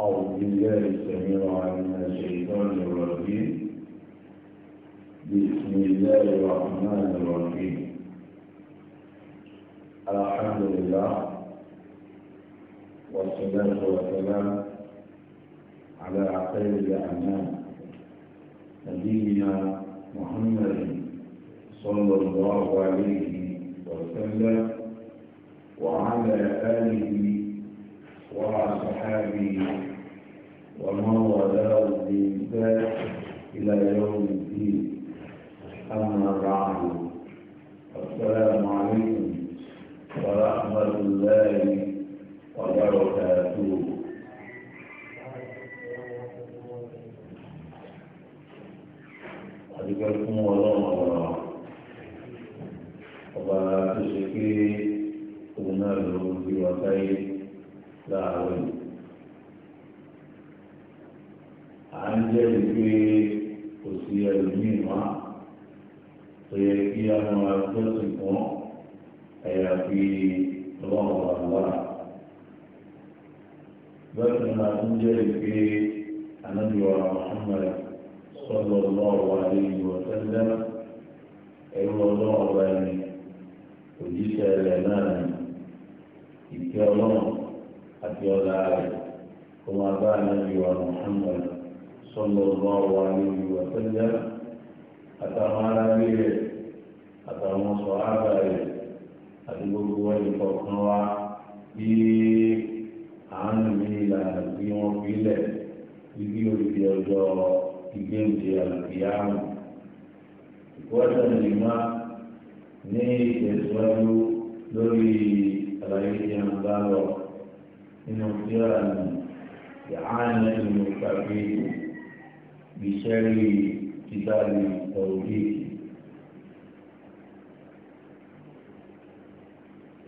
أعوذ بالله السميع العليم من الشيطان الرجيم بسم الله الرحمن الرحيم الحمد لله والصلاة والسلام على خير الأعمال نبينا محمد صلى الله عليه وسلم وعلى آله وعلى صحابه ومن ولاه ذلك إلى يوم الدين أما بعد السلام عليكم ورحمة الله وبركاته أذكركم الله مرة وبركاته شكري قلنا له بوسائل لا أعلم à ń jẹ́rìí pé kò sí ẹlòmíì wá tó yẹ kí a máa jọ́sìn fún àyàfi ọlọ́run àlọ́ra. bẹ́ẹ̀ ni a ń jẹ́rìí pé anábìwá Muhammad sọ́dọ̀ ọlọ́run àlejò ọ̀sẹ́ńdẹ́ ẹ̀rọ ọlọ́run ọba ẹni òjíṣẹ́ rẹ̀ náà ni ìkẹ́ ọlọ́run àti ọ̀la rẹ̀ kó máa bá anábìwá Muhammad. صلى الله عليه وسلم أتمنى به أتمنى صحابه أتمنى بوالي فوقنا bí àánú mi ìlànà tí wọ́n fi lẹ̀ ibi olùdí ọjọ́ ìgbéǹde àlùkìyàmù. ìwọ́sẹ̀ lè má ní ìtẹ̀síwájú lórí àlàyé tí a ń bá lọ nínú fíra nù ìhánilẹ́nu ìpàgbé ìlú. بشر كتاب التوحيد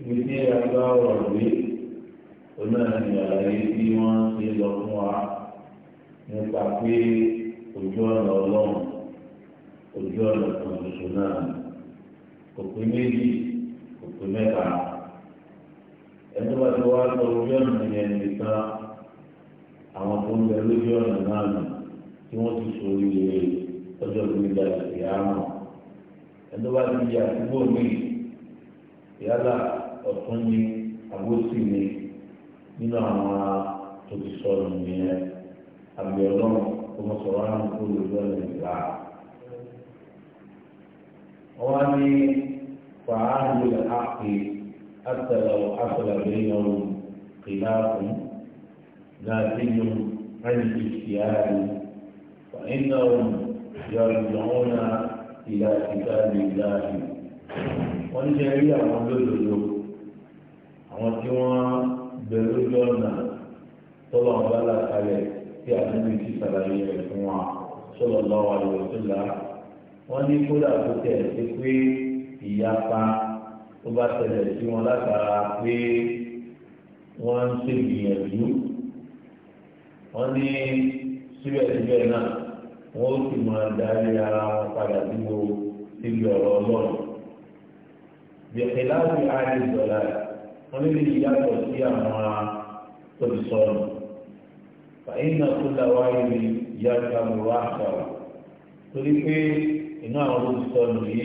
ìgbésí ẹgbẹ́ ọ̀rọ̀ gbé onáàrin àlàyé tí wọ́n ṣe lọ fún wa nípa pé ojú ọ̀nà ọlọ́run ojú ọ̀nà kan ṣoṣo náà kò pé méjì kò pé mẹ́ta ẹni wá ti wá lọ ojú ọ̀nà yẹn nìkan àwọn tó ń bẹ lójú ọ̀nà náà nù tí wọ́n ti sọ orí ọjọ́ ìgbéga ìyáàmù ẹni wá sí ìyá àdúgbò mi yálà ọ̀tún ni àgbóṣì ni nínú àwọn tó ti sọ ọ̀rọ̀ nìyẹn àbí ọlọ́run tó mọ̀ sọ̀rọ̀ àwọn tó lè lọ ní ìgbà. wọ́n ní fàánù àpè àtàlà àtàlà lẹ́yìn ọ̀rùn kìláàfù láti yọ ẹni rẹ̀. إنهم يرجعون إلى كتاب الله wọ́n ṣe rí àwọn lódodo àwọn tí wọ́n bẹ̀rù lọ́nà tọ́lọ̀ ń bá làkàlẹ̀ tí àdúgbò ti ṣàlàyé rẹ̀ fún wa sọ̀rọ̀ lọ́wọ́ àlùfẹ́lá wọ́n ní kódà tó tẹ̀ sí pé ìyapa tó bá tẹ̀lẹ̀ sí wọn látara pé wọ́n ń ṣègbìyànjú wọ́n ní síbẹ̀síbẹ̀ náà. wọ́n sì máa darí ara wọn padà dúró síbi ọ̀rọ̀ ọlọ́run. bẹ̀rẹ̀ láti ààrẹ ìdọ̀lá lè lè yàtọ̀ sí àwọn olùsọ̀rọ̀ fàyínà tó dáwà yàtọ̀ àmúwá àkàrà torí pé inú àwọn olùsọ̀rọ̀ yìí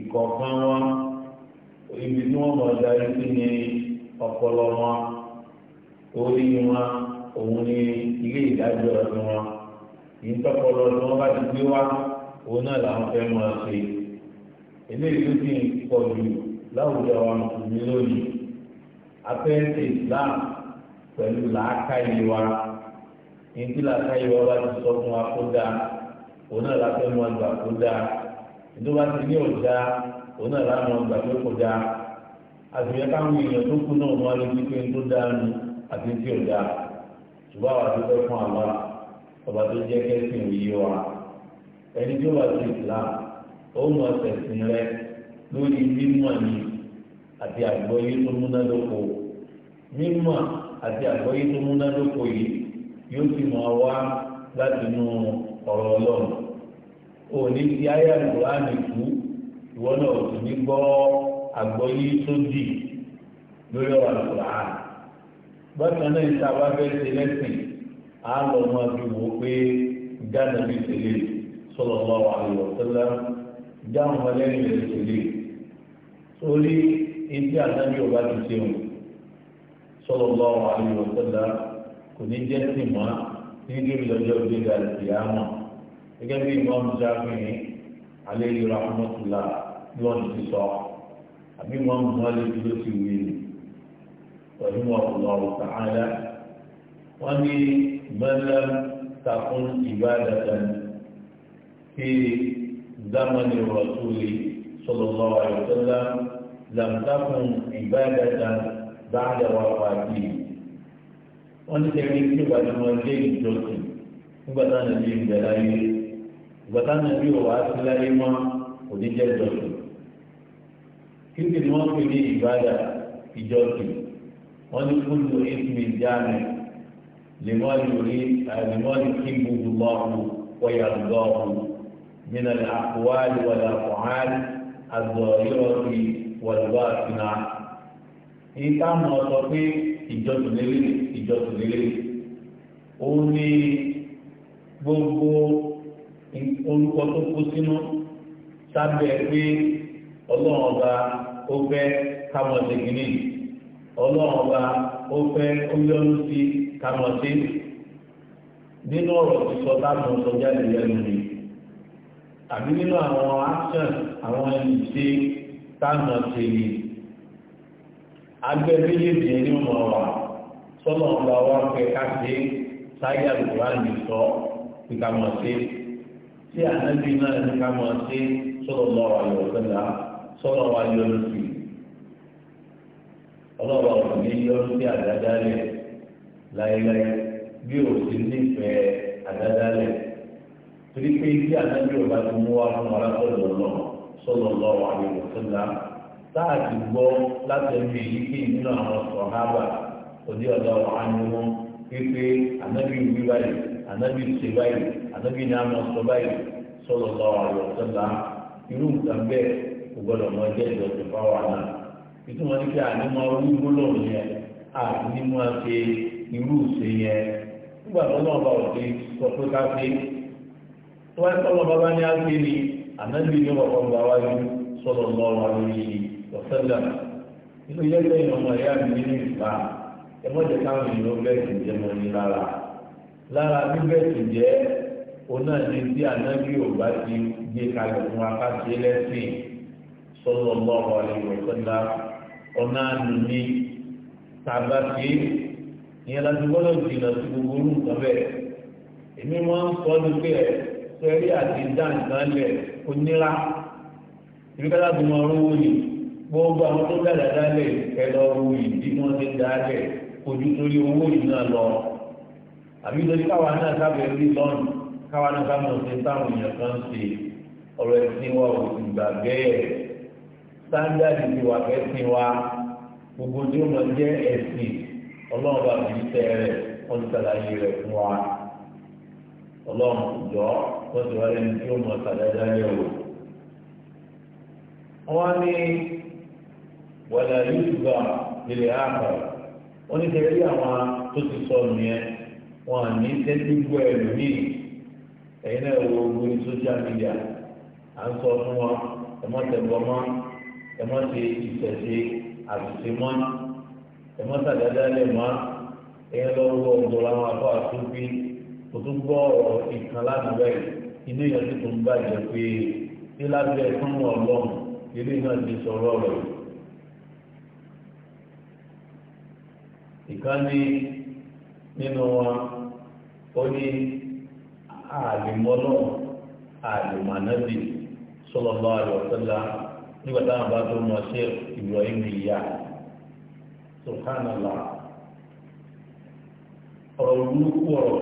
ìkọ̀ọ̀kan wọn ibi tí wọ́n máa darí sí ni ọpọlọ wọn orí wọn òun ni ilé ìdájọ́ wọn. ìtọ́pọlọ ni wọ́n bá ti gbé wá òun náà làwọn fẹ́ máa ṣe eléyìí tó ti pọ̀ jù láwùjọ àwọn mùsùlùmí lónìí afẹ́ǹtì islam pẹ̀lú làákàyè wa ìdí làákàyè wa bá ti sọ fún wa kó dáa òun náà la fẹ́ máa gbà kó dáa ìdúrà ti ní ọ̀dà òun náà la máa gbà pé kó dáa àtúnyẹ káwọn èèyàn tó kú náà wọn lè fi pé tó dáa nu àti tí ò dáa ṣùgbọ́n àwọn àti fẹ́ fún àwọn ọba tó jẹ́ kẹ́sìn òye wa ẹni tó wà sí islam ó mọ ẹ̀sìn rẹ lórí mímọ̀ ni àti àgbọ́yé tó múnádóko mímọ̀ àti àgbọ́yé tó múnádóko yìí yóò ti mọ̀ wá láti inú ọ̀rọ̀ ọlọ́run òní ti ayé àlùkùránì kú ìwọ náà ò sì ní gbọ́ àgbọ́yé tó dì lórí ọ̀rọ̀ àlùkùránì bákan náà ìta bá fẹ́ ṣe lẹ́sìn á lọ máa fi wò ó pé gánà mi tẹ̀lé sallallahu alaihi wasallam dáhùn ọlẹ́yìn rẹ̀ tẹ̀lé sórí ibi àtàbí ọba ti ṣeun sallallahu alaihi wasallam kò ní jẹ́ sí mọ́ nídìí ìlọ́jọ́ gbéga ìyáàmọ̀ gẹ́gẹ́ bí imam Shafi'i alayhi rahmatullah lọ́nà ti sọ àbí imam Malik ló ti wí pẹ̀lú ọ̀pọ̀lọpọ̀ ta'ala wọ́n ní mẹ́lẹ́m takùn ìbádàtàn fi zamani rasuli sallallahu alaihi wasallam lam takùn ìbádàtàn ba'da wafati. wọ́n ti tẹ̀lé kí ìbàdàn wọn dé ìjọsìn nígbà táwọn ẹbí ń bẹ̀rẹ̀ ayé ìgbà táwọn ẹbí wà á sí láyé mọ́ kò ìjọsìn. kí ni wọ́n pè ní ìbádà ìjọsìn wọ́n ní kúlù ìsìn ìjáàmì. لما يريد لما يحبه الله ويرضاه من الأقوال والأفعال الظاهرة والباطنة ìta mọ̀ sọ pé ìjọsìn lélẹ̀ ìjọsìn lélẹ̀ ó ní gbogbo orúkọ tó kó sínú sábẹ́ pé ọlọ́run ọba ó fẹ́ káwọn ṣègínì ọlọ́run ọba ó fẹ́ ó yọ́nú sí kàmọ́ sí nínú ọ̀rọ̀ sísọ táwọn sọ jáde lẹ́nu mi àbí nínú àwọn action àwọn ẹni ṣe táwọn ṣe ni agbẹ́ méjèèjì ní ọmọ wa sọ́nà ọba wa fẹ́ ká ṣe sáyé àlùkò àmì sọ pé ká mọ̀ ṣe tí ànábì náà ní ká mọ̀ ṣe sọ́nà ọba wa yọ̀ sọ́nà ọlọ́wà òní yọ̀ sí àdájá rẹ̀ láéláé bí o sì nífẹ̀ẹ́ àdádálẹ̀ torí pé bí àdájọ́ ìbá ti mú wá fún alákọ̀ọ́dọ̀ náà sọ̀rọ̀ lọ́wọ́ àyẹ̀wò sílá táàtì gbọ́ láti ẹbí yìí kí nínú àwọn sọ̀hábà òdì ọ̀dọ̀ àyẹ̀wò pípé ànábì wí báyìí ànábì ṣe báyìí ànábì ní àmọ́ sọ báyìí sọ̀rọ̀ lọ́wọ́ àyẹ̀wò sílá irú nǹkan bẹ́ẹ̀ kò gbọ́dọ̀ mọ jẹ́ ìjọ ìtumọ̀ ní kí irú ìṣe yẹn nígbà tó náà bá òde sọ pé ká tó wáyé bàbá ní ágbé ni ànábì ní ọ̀pọ̀ ọgbà wájú sọ̀rọ̀ lọ́wọ́ lórí ọ̀sẹ́lẹ̀ nínú ilé ẹgbẹ́ ìrànwọ́ ẹ̀yà mi nínú ìgbà ẹ̀mọ́jẹ̀ káwọn sì ní lára lára sì ní tí ànábì ò bá ti gbé fún ọ̀nà tàbá ìyẹn láti gbọ́dọ̀ jìnnà sí gbogbo orú nǹkan bẹ́ẹ̀ èmi máa ń sọ ní pé ẹ sẹ́rí àti dáǹdánlẹ̀ onírà ìbí kálá tó máa rówó yìí gbogbo àwọn tó dàda dálẹ̀ ẹ lọ ro yìí bí wọ́n ti dálẹ̀ ojú torí owó yìí náà lọ àbí torí káwa náà sábẹ̀ rí lọ́nù káwa náà sábẹ̀ ṣe táwọn èèyàn kan ṣe ọ̀rọ̀ ẹ̀sìn wa ò sì gbà bẹ́ẹ̀ sáńdáàdì ti wà fẹ́ sìn wa gbogbo tí ó mọ̀ jẹ́ ẹ̀sìn ọlọ́run bá fi tẹ rẹ̀ wọ́n ti ṣàlàyé rẹ̀ fún wa ọlọ́run jọ wọ́n ti wáyé ní tí ó mọ sàdájá yẹ̀ wò. wọ́n ní wàlá yóò gbà ilẹ̀ ààbà wọ́n ní tẹ̀lé àwọn tó ti sọ nìyẹn wọ́n ní tẹ́tí gbọ́ ẹlòmíì ẹ̀yin náà wo orí social media à ń sọ fún wọn ẹ̀ mọ́ tẹ̀ bọ́ mọ́ mọ́tàdáda lè má ẹ̀yẹ lọ́wọ́ ọ̀dọ̀ làwọn akọ àtúbí kò tún gbọ́ ọ̀rọ̀ ìkan láti bẹ́ẹ̀ inú yẹn ti tún bàjẹ́ pé ní lábẹ́ fún ọlọ́run ilé náà ti sọ̀rọ̀ rẹ̀. ìkànnì nínú wọn ó ní àlùmọ́lọ́ àlùmọ́nàbì sallallahu alaihi nígbà táwọn bá tó mọ̀ ṣe ìrọ̀ ìrìn sọ̀kánàlá ọ̀rọ̀ burúkú ọ̀rọ̀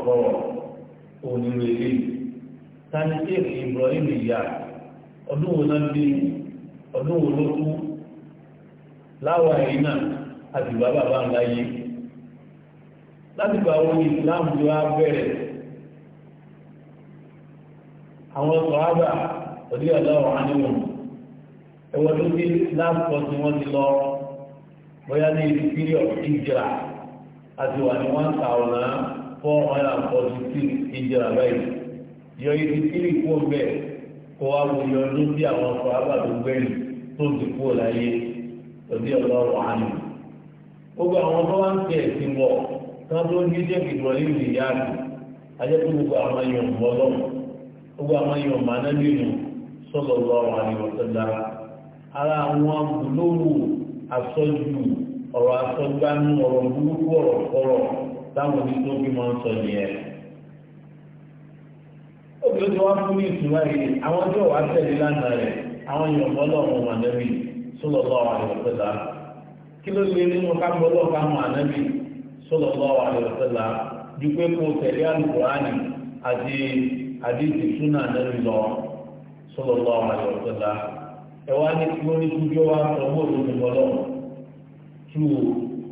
kọ̀rọ̀ ibrahim ìyá ọdún wo náà dé náà àti bàbá láti gba owó tó bẹ̀rẹ̀ àwọn sọ̀hábà òdí ọ̀dọ́ ọ̀hánìwọ̀n tó láàpọ̀ tí wọ́n ti bóyá ní ibi period ìjìrà àti wà ní one thousand four hundred and forty two ìjìrà báyìí yọ ibi kiri kú ọbẹ̀ kó wá wo yọ ọdún bí àwọn ọkọ̀ abàdógbẹ́yìn tó ti kú láyé òbí ọlọ́wọ́ àánú. gbogbo àwọn tó wá ń tẹ̀ sí wọ̀ tán tó ń jíjẹ́ ìgbọ̀ nínú ìyá àti ajẹ́ tó gbogbo àwọn èèyàn mọ́ lọ́wọ́ gbogbo àwọn èèyàn mọ́ anábìnrin sọ́lọ́ lọ́wọ́ àánú ọ̀sẹ̀ dára ara àwọn gbòlówó asọ́jú ọ̀rọ̀ asọ́gbánú ọ̀rọ̀ burúkú ọ̀rọ̀ kọ̀rọ̀ táwọn oníṣòwò máa ń sọ nìyẹn. Òbí ó ti wá fún ní ìtura yìí, àwọn tí ò tẹ̀lé lánàá rẹ̀, àwọn ìyọ̀bọ̀ lọ́wọ́ mànẹ́bí Kí ló lè nínú ànẹ́bí ju pé kó tẹ̀lé ẹ̀wá ní tí wọ́n ní kújọ́ wa ń sanwó lórí ọlọ́run tú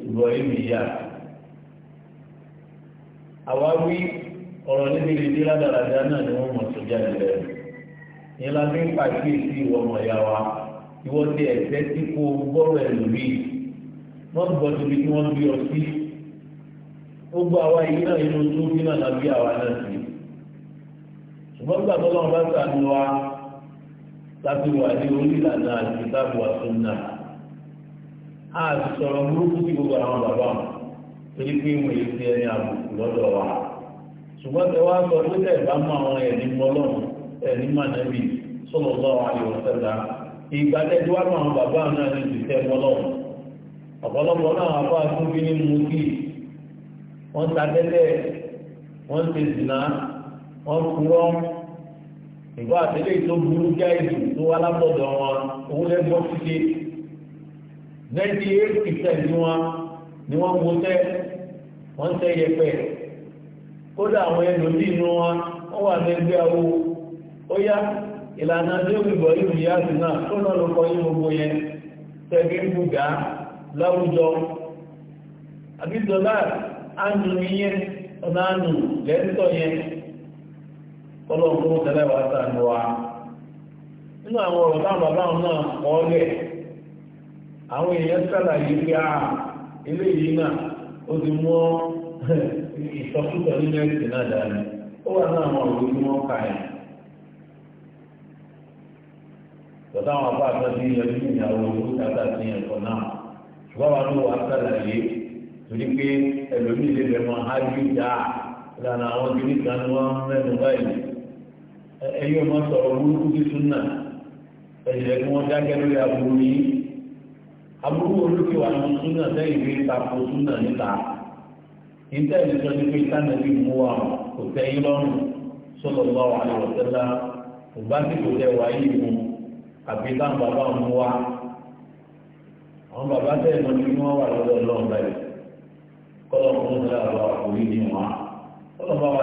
ìrọ̀ èmi yá. àwa wí ọ̀rọ̀ níbi ìdí ládàradà náà ni wọ́n mọ̀ tó jáde lẹ́nu. ní lábẹ́ ń pàkíyèsí ìwọ ọmọ ìyá wa ìwọ ti ẹ̀fẹ́ tí kò gbọ́rọ̀ ẹlòmíì wọ́n gbọ́ tóbi tí wọ́n gbé ọ sí. gbogbo àwa yìí náà inú tó bí náà lábí àwa náà sí. ṣùgbọ́n gbàgbọ́ lọ́wọ́ bá sàánú wa. láti wà ní orí ìlànà àtìkítàbù àtúnná a ti sọ̀rọ̀ burúkú sí gbogbo àwọn bàbá torí pé wọn èsì ẹni àbùkù lọ́dọ̀ wa ṣùgbọ́n tẹ wá sọ pé ma bá àwọn ẹ̀ní mọ́lọ́run ẹ̀ní mànẹ́bì sọ̀rọ̀ lọ́wọ́ ayọ̀ sẹ́ta ìgbà tẹ̀jú wá mọ àwọn bàbá náà ní ìdíkẹ́ mọ́lọ́run ọ̀pọ̀lọpọ̀ náà wà fún ní wọ́n ta ìgbà àtẹlẹ́ tó burú jáìdì tó wá látọ̀dọ̀ wọn owó lẹ́gbọ́n ṣíṣe ninety eight percent ni wọn ni wọn wo tẹ wọn tẹ yẹpẹ kódà àwọn ẹlòmíì nu wọn wọn wà lẹ́gbẹ́ awo ó yá ìlànà déwìbọ̀ ìlú yáàtì náà tó náà ló kọ yín gbogbo yẹn tẹ̀gí ń bùgá láwùjọ àbí dọ́là ánù yẹn ọ̀nà ánù lẹ́ńtọ̀ yẹn. ọlọ́run tó tẹ́lẹ̀ wá sàánú wa nínú àwọn ọ̀rọ̀ táwọn bàbá náà kọ́ àwọn èèyàn sàlàyé pé a eléyìí náà ó ti mú ìsọkúsọ nínú ẹ̀sìn náà dání ó wà náà àwọn òwe tí wọ́n kà yẹn. tọ́tà àwọn àbá àtọ́jú yẹn ìyàwó ẹ̀kọ́ náà ṣùgbọ́n ló wà torí pé mẹ́nu ẹ̀yin ọmọ sọ̀rọ̀ burúkú sí súnà ẹ̀jẹ̀ kí wọ́n dákẹ́ lórí aburú yìí aburú olókè wà ní súnà sẹ́yìn fi tako súnà níta níta ìlú sọ ní pé sànàbí mú wa kò tẹ́yìn lọ́rùn sọ̀rọ̀ lọ́wọ́ àlọ́sẹ́lá kò bá sì kò tẹ́ wáyé mu àbí táwọn bàbá mú wa àwọn bàbá tẹ̀ mọ́ ní wọ́n wà lọ́dọ̀ lọ́wọ́ kọ́lọ́ fún ọ̀sẹ̀ àwọn àkòrí ni wọ́n kọ́lọ́ bá wà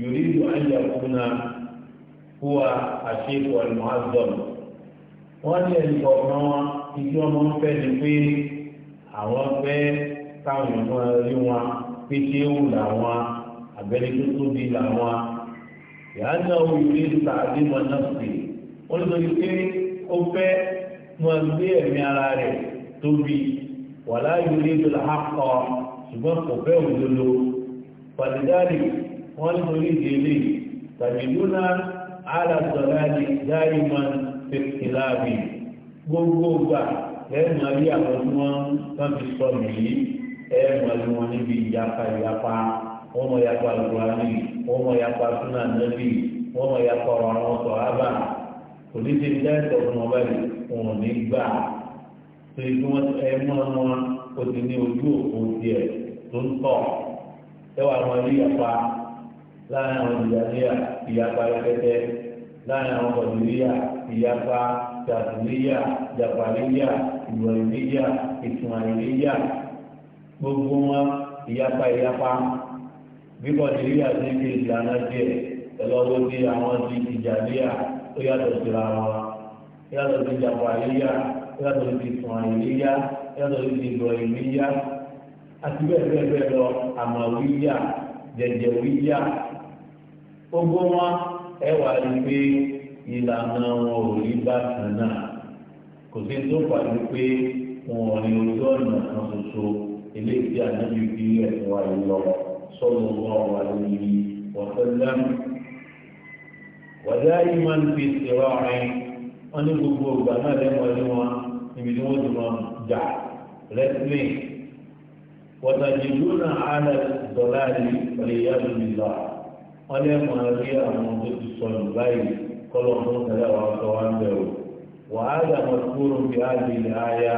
يريد أن يكون هو الشيخ المعظم wọ́n ní ẹni kọ̀ọ̀kan wọn ibi ọmọ ń fẹ́ ni pé àwọn fẹ́ káwọn ọmọ rí wọn pé ṣé ó làwọn abẹ́rẹ́ tó tóbi làwọn ìyá náà ó ilé ìta àdéhùn náà sí i ó lọ sí pé ó fẹ́ wọn gbé ẹ̀mí ara rẹ̀ tóbi wàláyé ilé ìdọ̀lá akọ ṣùgbọ́n kò fẹ́ òdodo pàdédárì wọ́n ní orí ìdílé tàbí lúnà alàtọ̀lá ní dáìmọ̀ tẹ̀kìláàbì gbogbo gbà lẹ́nu ayé àwọn tí wọ́n tán ti sọ nìyí ẹ̀ẹ́mọ̀ ni wọ́n níbi ìyapa ìyapa wọ́n mọ̀ yapa lùwárì wọ́n mọ̀ yapa súnà nẹ́bì wọ́n mọ̀ yapa ọ̀rọ̀ àwọn sọ̀hábà kò ní ti dẹ́ẹ̀tọ̀ ojú òkú tiẹ̀ tó ń tọ̀ ẹwà wọn rí yapa láàrin àwọn ìyàlẹ́yà ìyapa ẹgbẹ́tẹ́ láàrin àwọn ọ̀dùnúyà ìyapa tàbílẹ́yà jàpàlẹ́yà ìwọ̀lẹ́yà ìtùmọ̀lẹ́yà gbogbo wọn ìyapa ìyapa bí kọ̀dùnúyà ti ń fi ìlànà díẹ̀ ẹlọ́wọ́ bí àwọn ti ìjàlẹ́yà ó yàtọ̀ síra wọn yàtọ̀ sí jàpàlẹ́yà yàtọ̀ sí ìtùmọ̀lẹ́yà yàtọ̀ sí ìwọ̀lẹ́yà àti bẹ́ẹ̀ bẹ́ẹ̀ bẹ́ẹ̀ lọ àmọ̀wíyà jẹjẹwíyà gbogbo wọn ẹ wà rí pé ìlànà wọn ò rí bákan náà kò sí tó pàdé pé wọn ò rí ojú ọ̀nà kan ṣoṣo eléyìí tí ànábi fi wa yìí lọ sọ́nù wọn wà ní wọ́sẹ̀lẹ́m. wàdí ayé máa ń fi ìṣèwà ọ̀rìn wọn ní gbogbo ìgbà náà lẹ́wọ̀n wọn níbi tí wọ́n ti máa jà rẹ́sílẹ̀ wọ́tàjì lónà àlẹ́ dọ̀láàrí ọ̀lẹ́yàdùn nílọ́ọ̀ wọ́n lé mọ̀ rí àwọn tó ti sọnù báyìí kọ́lọ̀ fún ìtàlẹ́ àwọn ọ̀tọ̀ wa ń bẹ̀ o wàhálà mọ̀kúrò bí a lè lè aya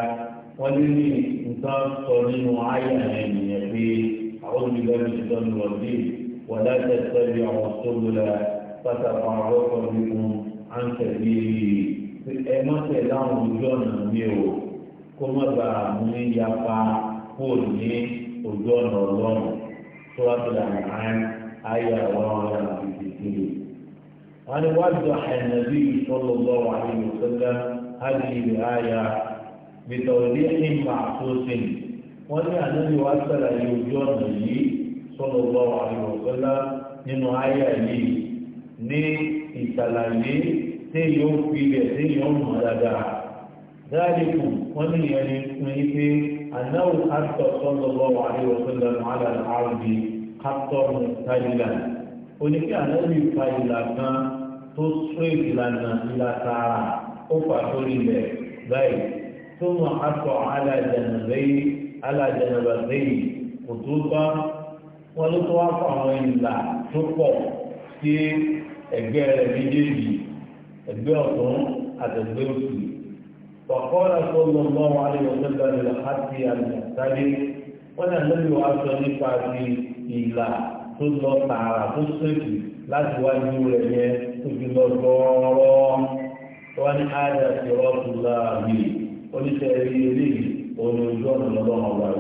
wọ́n lé ní nǹkan sọ nínú aya yẹn nìyẹn pé àwọn olùdarí ti sọnù wọ̀dí wàdà tẹ̀sẹ̀ àwọn tó lọ́la pátákó àwọn ọkọ̀ nínú à ń tẹ̀lé yìí ẹ má tẹ̀lé àwọn ojú ọ̀nà mi o kó má bàa mú ní yapa kó ní ojú ọ̀nà ọlọ́run tó wá tó dà آية 153 وأن وضح النبي صلى الله عليه وسلم هذه الآية بتوضيح معصوص وأن النبي وصل يوجون لي صلى الله عليه وسلم nínú ayé yìí ní ìsàlàyé tí yóò fi ilẹ̀ tí yóò mọ̀ dáadáa dáadékù wọ́n ní ìyẹn ní pé anáwó àtọ̀ sọ́lọ́lọ́ àríwọ̀sọ́lọ́ àdàlá àrùn yìí kátọ́rù ìtàlílà oníkẹ́ ànábì fa ìlà kan tó sún ìlànà ìlà tààrà ó fà sórí ilẹ̀ báyìí tó mọ akọ alájànàbẹ́yì alájànàbẹ́yì kò tó bá wọn ló tó wá fún àwọn ìlà tó pọ̀ sí ẹgbẹ́ rẹ̀ méjèèjì ẹgbẹ́ ọ̀tún àtẹ̀gbẹ́ òsì wàkọ́lá tó lọ mọ́ wọn àlejò tó bẹ̀rẹ̀ lọ́hàtì àlùmọ̀tálẹ́ wọn náà lórí wàá sọ nípa ti ìlà tó lọ tààrà tó sèkì láti wájú rẹ̀ yẹ tó lọ gbọ́ọ́rọ́ wọ́n ní àyà ìrọ́ tó láàbì oníṣẹ́ rí eré òní ojú ọ̀nà lọ́wọ́ ọ̀gá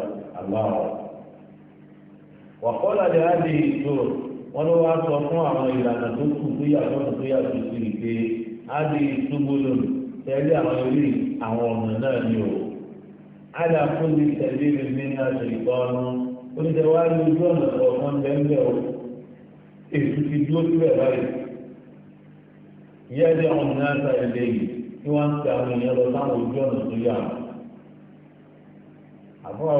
ló wá sọ fún àwọn ìlànà tó kù tó yàtọ̀ tó pé àwọn àwọn ọ̀nà náà ni fún oúnjẹ wa ní ojú ọ̀nà ọ̀kan lẹ́ńdẹ̀ o èsù ti dúró síbẹ̀ báyìí ìyá ẹ̀dẹ̀ ọ̀hún náà ta ilé yìí tí wọ́n ń ta àwọn èèyàn lọ sáwọn ojú ọ̀nà tó yà wọ́n. àbúrò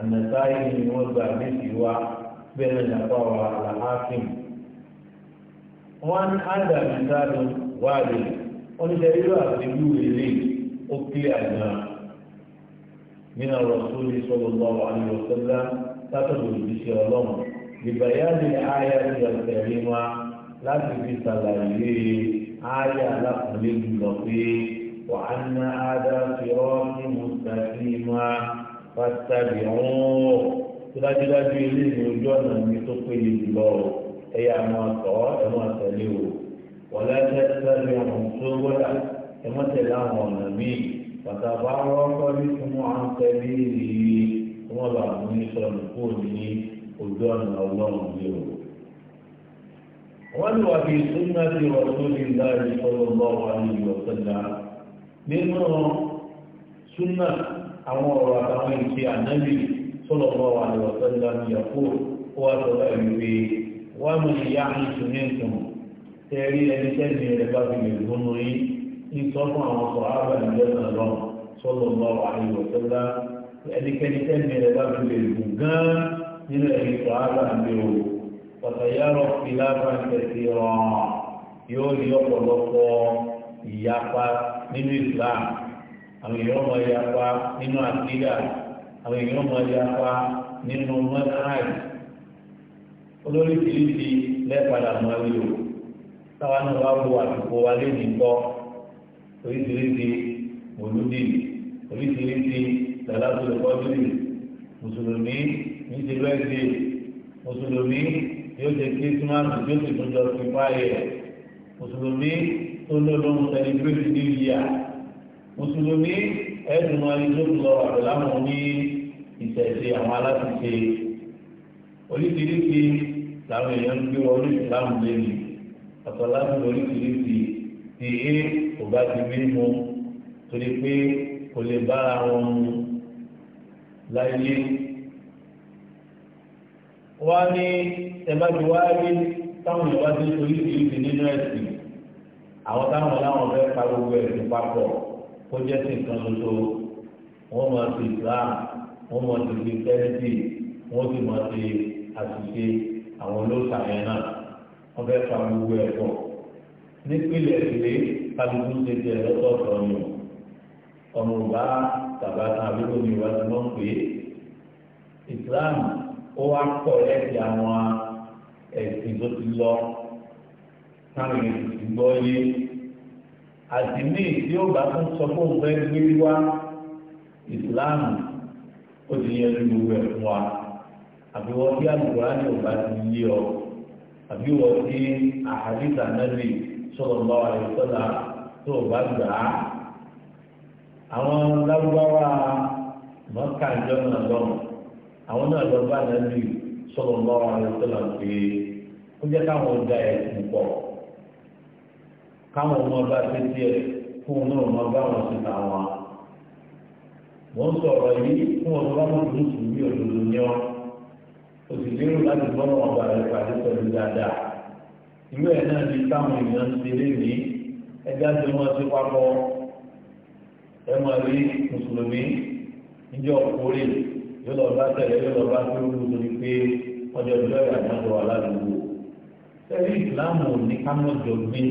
ànàtà yìí ni wọ́n gba méjì wá bẹ́ẹ̀ ní àbúrò àlàáfíìn. wọ́n á dà mí sáré wáàdì oúnjẹ irú àti irú ilé ó kílẹ̀ àgbà. من الرسول صلى الله عليه وسلم تقبل بشيرهم لبيان الآيات الكريمة لا تفيد عليه آية لقل لطيف وأن هذا صراط مستقيما فاتبعوه dájúdájú ilé ìlú ojú ọ̀nà mi tó péye jùlọ o ẹ̀yà máa tọ́ ẹ máa tẹ̀lé o wọ́n lẹ́sẹ̀ tẹ́lẹ̀ ọ̀hún tó gbọ́dà ẹ máa tẹ̀lé àwọn ọ̀nà míì bàtàbà rọ́kọ́ ní súnmọ́ à ń tẹ́lẹ̀ ìrírí kó wọ́n bá mú ní sọ̀rọ̀ kó ní ojú ọ̀nà ọlọ́run ní o. wọ́n ní wà fi súnmọ́ ti rọ̀ sórí láàrin sọ́lọ́ lọ́wọ́ àlejò ọ̀sẹ̀dá nínú súnmọ́ àwọn ọ̀rọ̀ àtàwọn ìṣe ànábì sọ́lọ́ lọ́wọ́ àlejò ọ̀sẹ̀dá ní yàkó ó wá sọ báyìí wọ́n mú ìyá àmì tẹ̀rí ẹni tẹ́lẹ̀ rẹ̀ bá fi lè gbóná yín ìsọ́fún àwọn ọ̀sọ̀ ààbà ìjọba lọ́wọ́ sọ́lọ́ bá wà ní ìwọ̀sọ́lá ẹnikẹ́ni tẹ́lẹ̀ rẹ̀ bá fi lè gùn gan nínú ẹ̀yìn sọ ààbà mi o pàtàyàrọ̀ ìlà bá ń tẹ̀sí rán yóò ní ọ̀pọ̀lọpọ̀ ìyapa nínú Islam àwọn èèyàn ọmọ ìyapa nínú àkídà àwọn èèyàn ọmọ ìyapa nínú mọ́tàáì olórí tìlítì lẹ́ẹ̀padà mọ́ o táwọn náà wá wo àsìkò wa lé nìkan oríṣiríṣi mòlúdì oríṣiríṣi tàlásùlù kọ́dúrì mùsùlùmí ní ti rẹ́sì mùsùlùmí yóò ṣe kírísímàsì yóò sì tún jọ sí fáyẹ̀ mùsùlùmí tó ní olóhùn sẹlẹbírẹ́tì ní ìyá mùsùlùmí ẹ̀sùn wọn ni tó lọ àbẹ̀láwọn ní ìṣẹ̀ṣe àwọn aláṣẹṣe oríṣiríṣi làwọn èèyàn ń gbé wọlé ìsìlámù lẹ́nu ọ̀tọ̀ láti oríṣiríṣi ti é kò bá ti rí mu torí pé kò lè bára wọn mu láyé wá ní ẹ̀bájú wá rí táwọn ìwà ti torí ìrísí nínú ẹ̀sìn àwọn táwọn láwọn fẹ́ pa gbogbo ẹ̀sìn papọ̀ kó jẹ́ sí nǹkan tuntun wọ́n máa ti Islam wọ́n máa ti fi tẹ́lẹ̀tì wọ́n sì máa ti àṣìṣe àwọn olóòtú àyẹ̀ náà wọ́n fẹ́ pa gbogbo ẹ̀kọ́ nípìnlẹ̀ ìlẹ́yìn kálukú ṣe tẹ̀ lọ́tọ̀ọ̀tọ̀ ni ọmọ ọba tàbá àbíkó ni ìwà tí wọ́n pè é Islam ó wá kọ̀ lẹ́sìn àwọn ẹ̀sìn tó ti lọ táwọn èèyàn ti gbọ́ yé àtìmí tí ó bá tún sọ fún òun fẹ́ wá Islam ó ti yẹ lu gbogbo ẹ̀ fún wa àbí wọ́n bí àlùkùránì ò bá ti yé ọ àbí wọ́n bí àhàdìsà náà lè sọ̀rọ̀ bá wa tó o bá gbà á àwọn lágbára mọ́kà ìjọ náà lọ́wọ́ àwọn náà lọ bá nàbí sọ̀rọ̀ lọ́wọ́ àlùsọ̀là pé ó jẹ́ káwọn da ẹ̀sìn pọ̀ káwọn ọmọ bá ṣe tiẹ̀ fún un náà ọmọ bá wọn ṣe tàwọn mo ń sọ̀rọ̀ yìí fún ọdún bá wọn dùn sùn ní òdodo ní ọ o lérò láti gbọ́dọ̀ wọn bá rẹ pàdé pẹ̀lú dáadáa ìlú ẹ̀ náà ní táwọn èèyàn ti lé ní ẹgbẹ́ àti ọmọ ti papọ̀ ẹ máa rí mùsùlùmí níjọ́ kórè yóò lọ bá tẹ̀lé yóò lọ bá tó lùdù ní pé ọjọ́ ìjọ ìyàgbọ́n wà ládùúgbò ẹ̀rí ìsìláàmù ní kámọ́jọ gbìn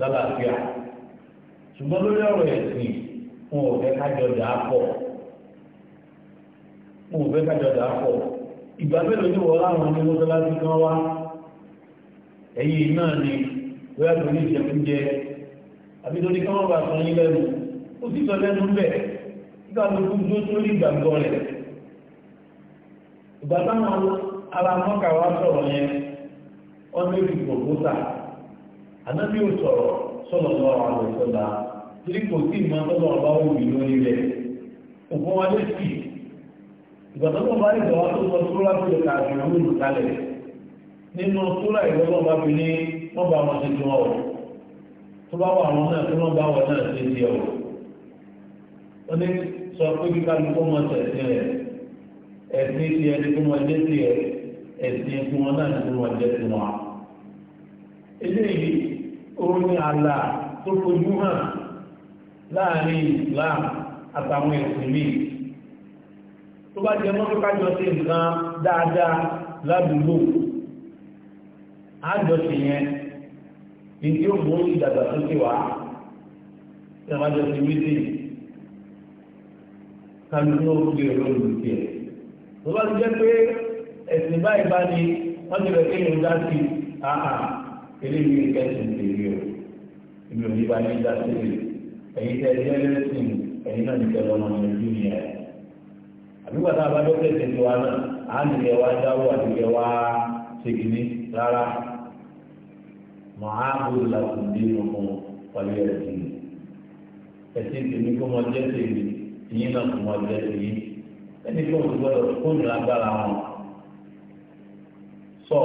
lálàáfíà ṣùgbọ́n lórí ọ̀rọ̀ ẹ̀sìn wọn ò fẹ́ kájọ dà á pọ̀ wọn ò fẹ́ kájọ dà á pọ̀ ìgbà mélòó ni wọ́n láwọn ní mọ́tọ́lá bóyá lórí ìjẹkújẹ àbí lórí káwọn bá sọ yín lẹ́nu ó sì sọ lẹ́nu bẹ́ẹ̀ nígbà tó kú tó tó rí ìgbàgbọ́ rẹ̀ ìgbà táwọn ara mọ́kà wá sọ̀rọ̀ yẹn wọ́n ní ìlú pòpósà ànábì ò sọ̀rọ̀ sọ̀rọ̀ lọ́wọ́ àwọn ìsọ̀lá torí kò sí ìmọ̀ tọ́lọ̀ ọba òbí lórí rẹ̀ òkú wọn lé sí ìgbà tó kọ́ bá rí ìgbà wá tó sọ sóra tó lè kà àjùmọ̀ nínú kalẹ̀ nínú sóra ìgbà tó bá fi ní wọ́n bá wọn tuntun ọ̀rọ̀ tó bá wà wọn náà tó wọ́n bá wọn náà ṣe ti ọ̀rọ̀ wọ́n ní sọ pé kí kálukú wọn tẹ̀sí rẹ̀ ẹ̀sìn ti ẹni kó wọn jẹ́ sí ẹ̀ ẹ̀sìn kó wọn náà kó wọn jẹ́ sí wọn. eléyìí ó ní àlà tó fojú hàn láàrin Islam àtàwọn ẹ̀sìn míì tó bá jẹ mọ́ kájọ sí nǹkan dáadáa ládùúgbò àjọṣe yẹn ìdí òmù ìdàgbàsókè wá tí a máa jọ ti wí sí kálukú òkúlé olóòlù tiẹ̀. tó bá ti jẹ́ pé ẹ̀sìn báyìí bá ní wọ́n ti rẹ̀ kéèyàn dá sí àhà eléyìí ìkẹsìn tèmi o èmi ò ní bá ní dá sí rè ẹ̀yin tẹ́ ẹ̀jẹ̀ lẹ́sìn ẹ̀yin náà ní kẹlọ́ ọmọ ìlú yẹn. àbíkọ́ tá a bá dọ́kẹ́ tẹ̀síwá náà àá nìyẹn wá dáwọ́ àdìyẹ wá ṣèkìní rárá mọ̀hábùrù làkùn bí mo mọ̀ pàlẹ́ rẹ̀ sí i. ẹ̀sìn tèmi kó mọ jẹ́ tèmi ìyín náà kó mọ jẹ́ tèmi ẹni tó ń gbọ́dọ̀ kó nira gbára wọn. sọ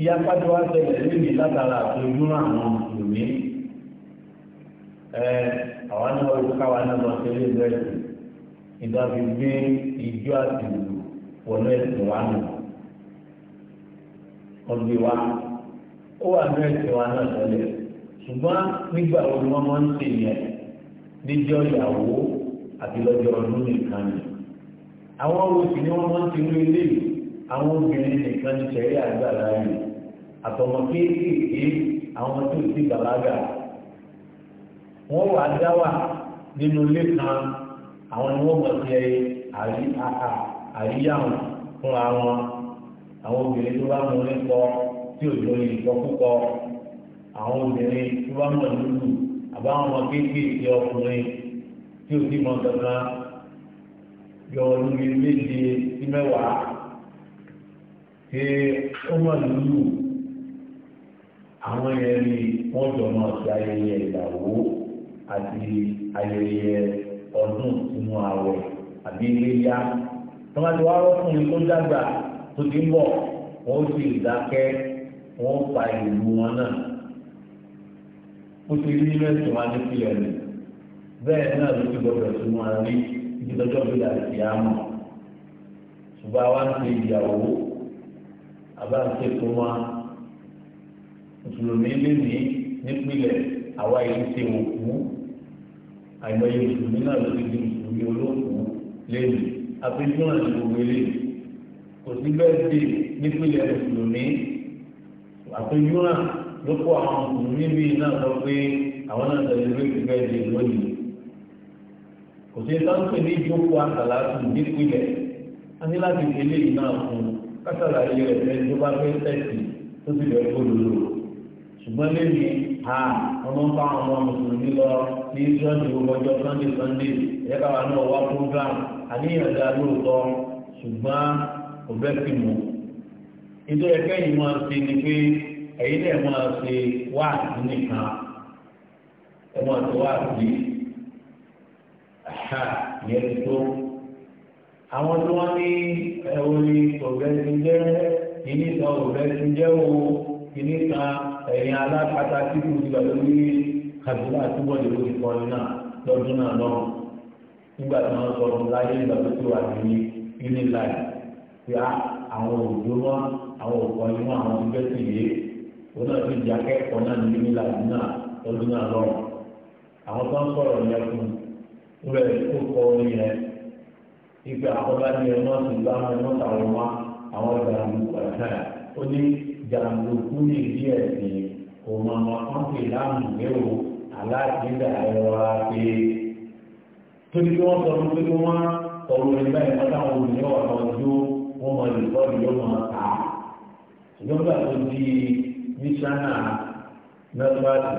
ìyá pàdé wa tẹ̀lé lónìí látara àtòjúmọ́ àwọn mùsùlùmí. ẹ àwọn náà wọ́n káwa náà lọ sí ilé ìgbẹ́ ẹ̀sìn gbé ìjọ àti ìlú wọlé ẹ̀sìn wa nù. ọgbẹ́ wa ó wà ní ẹ̀sìn wa náà lọ́lẹ̀ ṣùgbọ́n nígbà wo ni wọ́n máa ń sè yẹn níjọ́ ìyàwó àti lọ́jọ́ ọdún nìkan ni àwọn oṣù ni wọ́n máa ń ti rú ilé àwọn obìnrin nìkan ní sẹ̀rí àgbà láàyè àtọmọ kéékèèké àwọn tó ti bàlágà wọ́n wà dáwà nínú ilé kan àwọn ni wọ́n mọ̀ sí àríyá wọn fúnra wọn àwọn obìnrin tó bá mú ní kọ́ tí òjò ìgbọ́kúkọ àwọn obìnrin tí wọ́n mọ̀ lùlù àbáwọn ọmọ kéékèèké ọkùnrin tí ò sí mọ dandan yọ lórí méje sí mẹ́wàá ṣé ó mọ̀ lùlù àwọn yẹn ni wọ́n jọ máa ṣe ayẹyẹ ìyàwó àti ayẹyẹ ọdún sínú àwẹ̀ àbí iléyá tọ́mátì wàá rọ́ọ̀kùnrin tó dàgbà tó ti ń bọ̀ wọ́n ó sì dákẹ́ wọ́n pa ìlú wọn náà ó ti rí mẹ́sàn-án wá ní pílẹ̀ rẹ̀ bẹ́ẹ̀ náà ló ti gbọdọ̀ sí wọn rí ìdílọ́jọ́ bí àti àmọ́ ṣùgbọ́n àwa ń ṣe ìyàwó àbá ń ṣe fún wa mùsùlùmí lónìí nípìnlẹ̀ àwa yìí ṣe òkú àìmọye mùsùlùmí náà ló ti di mùsùlùmí olóòkú lẹ́nu àfihàn ìwòwélé kò sí bẹ́ẹ̀ dé nípìnlẹ̀ mùsùlùmí àpéjúwà ló kó àwọn níbi náà sọ pé àwọn náà tẹ̀lé ló ti fẹ́ di lónìí kò sí sáńpẹ̀ ní ìjókòó àtàlà tó ní ìpínlẹ̀ a ní láti tẹ̀lé ìná fún kásàlà ayé rẹ̀ tó bá fẹ́ tẹ̀sí tó sì lè kó lòlò ṣùgbọ́n lẹ́nu ha ọmọ ń bá àwọn ọmọ mùsùlùmí lọ ní sọ́ọ̀dì gbogbo ọjọ́ sunday sunday ẹ̀yẹ́ká wa náà wá program àníyàn dá ṣùgbọ́n kò bẹ́ẹ̀ fi mọ̀ nítorí ẹgbẹ́ yìí máa ṣe ni pé ẹ̀yin náà máa ṣe wáàsí nìkan ẹ máa ṣe wáàsí àṣà yẹn tó àwọn tí wọ́n ní ẹ̀wọ̀n ní ọ̀gbẹ́sì jẹ́ ìní kan ọ̀gbẹ́sì jẹ́ o ìní kan ẹ̀yìn alápatà tí kò ti gbàgbé ní kàdúrà tí wọ́n lè lórí kan náà lọ́dún náà lọ́wọ́ nígbà tí wọ́n sọ̀rọ̀ láyé ìgbà tó ti wà ní unilite àwọn òjò mọ́ àwọn òkọ́ inú àwọn ti bẹ́ẹ̀ sì yé òun náà ti di akẹ́kọ̀ọ́ náà ní nílà ìdúnà lọ́dún náà lọ́rùn àwọn tó ń sọ̀rọ̀ yẹn fún un rẹ̀ tó kọ yẹn ibi àkọ́bá ni ẹ̀ náà ti gbá ẹ̀ náà tàwọn wá àwọn jàǹdùkú ẹ̀ka ó ní jàǹdùkú ní ìdí ẹ̀sìn òun àwọn kọ́ńtì láàmù léwu aláàbíńdà ẹ̀rọ àti torí pé wọ́n sọ fún pé wọ́n tọrọ ẹgbẹ́ ìpátá òun ní ọ̀rọ̀ ọdún wọ́n mọ olùkọ́ ni yóò máa ta ṣùgbọ́n gbà tó di mísánà nọ́tíwájú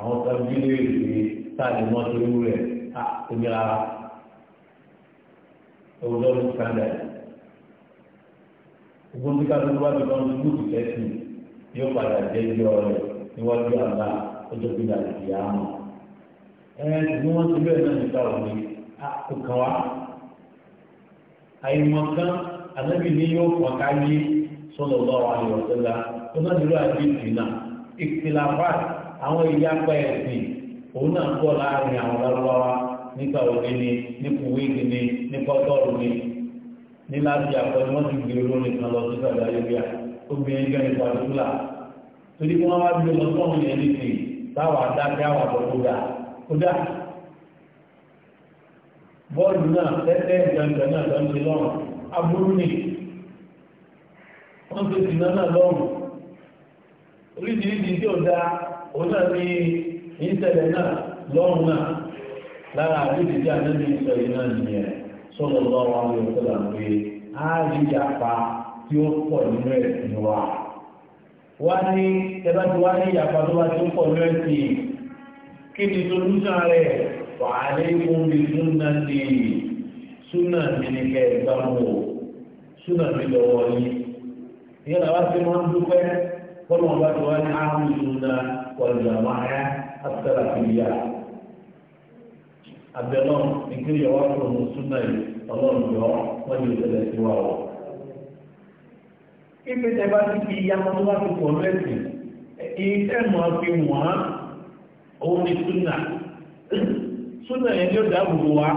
àwọn kan bí léèrè pé táàdì mọ́ tó rú rẹ̀ á omi ara olùdókòwò kàndà gbogbo nígbà tó wá bí wọ́n ti gbúdù tẹ́sí yóò padà jẹ́ ibi ọ̀rẹ́ níwájú àgbà ọjọ́ gbígbà ìyá mọ́ ẹ ṣùgbọ́n wọ́n ti bẹ́ẹ̀ náà níta òní á kò kàn wá ànábì ní yóò pọ̀ káyé sọ́nà ọlọ́wọ́ àlùwọ̀sọ́lá tó náà nílò àdéhùn náà ìtìláfà àwọn ìyapa ẹ̀sìn òun náà pọ̀ láàrin àwọn lárúbáwá nípa òde ni ní kuwéèkì ni ní kọ́tọ́ọ̀rù ni ní láti àpọ̀ ni wọ́n ti gbèrò lórí kan lọ sí sàgbà yorùbá obìnrin gẹ́gẹ́ pàtúkùlà torí wọn wá gbé lọ sọ́hún yẹn létí táwọn adájọ́ àwọn àtọ́kù dà kódà bọ́ọ̀lù náà tẹ́tẹ́ ìjàngbọ̀n náà lọ́n ti lọ́rùn aburú ni wọ́n ti dìnnà náà lọ́rùn oríṣiríṣi tí ó da òun náà ní ìṣẹ̀lẹ̀ náà lọ́rùn náà lára àdúgbò tí a ní ní a rí ìyapa tí ó pọ̀ nínú wa wá ní ẹbá tí wá ní ìyapa tó ti ń pọ̀ nínú ẹ̀sìn kí ni rẹ̀ wà á lé fún mi fún súnà mi ni kẹ́ ẹ gbà mọ́ o súnà mi lọ́wọ́ yìí ìyẹn làwọn ti máa ń dúpẹ́ kọ́nà ọba tó wá ní àrùn ìṣúná ọ̀dùnà máa àtàrà fìyà abẹ́lọ́ ìkéyọ̀ wá fún un súnà yìí ọlọ́run yọ wọ́n yóò tẹ̀lé sí wa o. ibi tẹ bá ti fi ya wọn wá ti pọ̀ lẹ́sìn ìfẹ́ fi wọ́n òun ni súnà súnà yẹn yóò dáàbò wa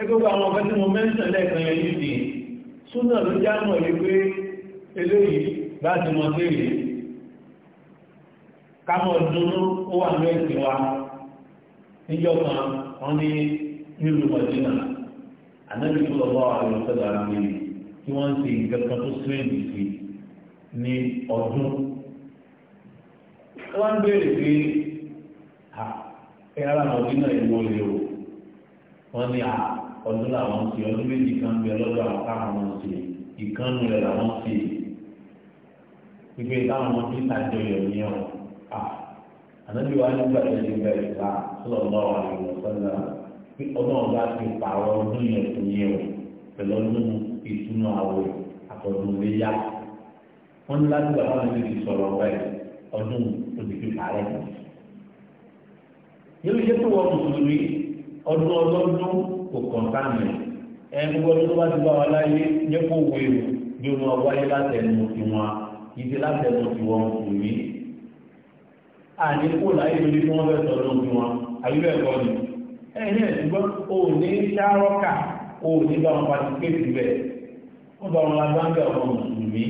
ẹgbẹ́gbẹ́ àwọn ọ̀fẹ́ tí mo mẹ́sàn lẹ́ẹ̀kan yẹn yìí dì súnà ló já mọ̀ yìí pé eléyìí bá ti mọ séèrè kámọ̀ dúnú ó wà ní ẹ̀sìn wa níjọ́ kan wọ́n ní nílùú mọ̀jìnà ànábì tó lọ́wọ́ àwọn ọ̀sẹ̀dọ̀ ara mi tí wọ́n ń ṣe nǹkan kan tó sírèjì sí ní ọdún wọ́n ń béèrè pé ẹ̀rọ àwọn ọdún náà ìwọlé o wọ́n ní àwọn ọdún làwọn ń ṣe ọdún méjì kan bẹ lọ́dọ̀ àwọn káwọn ń ṣe ìkànnì rẹ̀ làwọn ń ṣe pípé táwọn ọmọ tí ń tàjọ yọ̀ ní ọ̀ à ànábì wa nígbà tó ti bẹ̀rẹ̀ ìgbà sọ̀rọ̀ lọ́wọ́ àyẹ̀wò sọ́dọ̀ pé ọdún ọba ti pààrọ̀ ọdún yẹn tó yẹ ọ̀ pẹ̀lú ọdún ìtúnú àwẹ̀ àtọ̀dún léyà wọ́n ní láti gbà wọn ti sọ̀rọ̀ bẹ́ẹ̀ ọdún òdìkì kàrẹ́ yóò yẹ kó wọ́n mùsùlùmí ọdún ọlọ́dún kò kàn káàmì ẹ ń gbọ́dọ̀ tó bá ti bá wa láyé jẹ́ kó wo èrò bí ó máa wáyé látẹnu tiwọn ìdí látẹnu tiwọn kò ní. àní kó láyé lórí tí wọ́n fẹ́ sọ lóhùn tiwọn àbíbẹ̀ ẹ̀kọ́ ni ẹ̀yìn ẹ̀ ṣùgbọ́n o ní sáárọ́kà o ní bá wọn patisipéètì bẹ́ẹ̀ wọ́n bá wọn lágbáńgẹ̀ ọmọ mùsùlùmí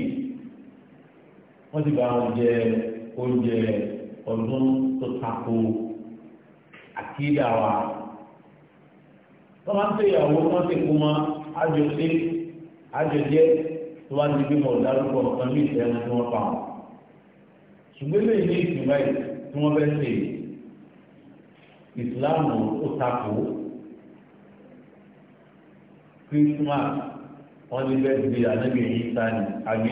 wọ́n ti bá wọn jẹ oúnjẹ ọdún tó tako àkídà wọ́n máa ń pè ìyàwó wọ́n sì kú mọ́ àjọṣe àjọjẹ tó wá ní bí mo dárúkọ nǹkan ní ìfẹ́ ẹni tí wọ́n pa wọn. ṣùgbọ́n lè ní ìsìn báyìí tí wọ́n fẹ́ ṣe ìsìláàmù ó takò Christmas wọ́n ní bẹ́ẹ̀ di ànábì yìí sáni àbí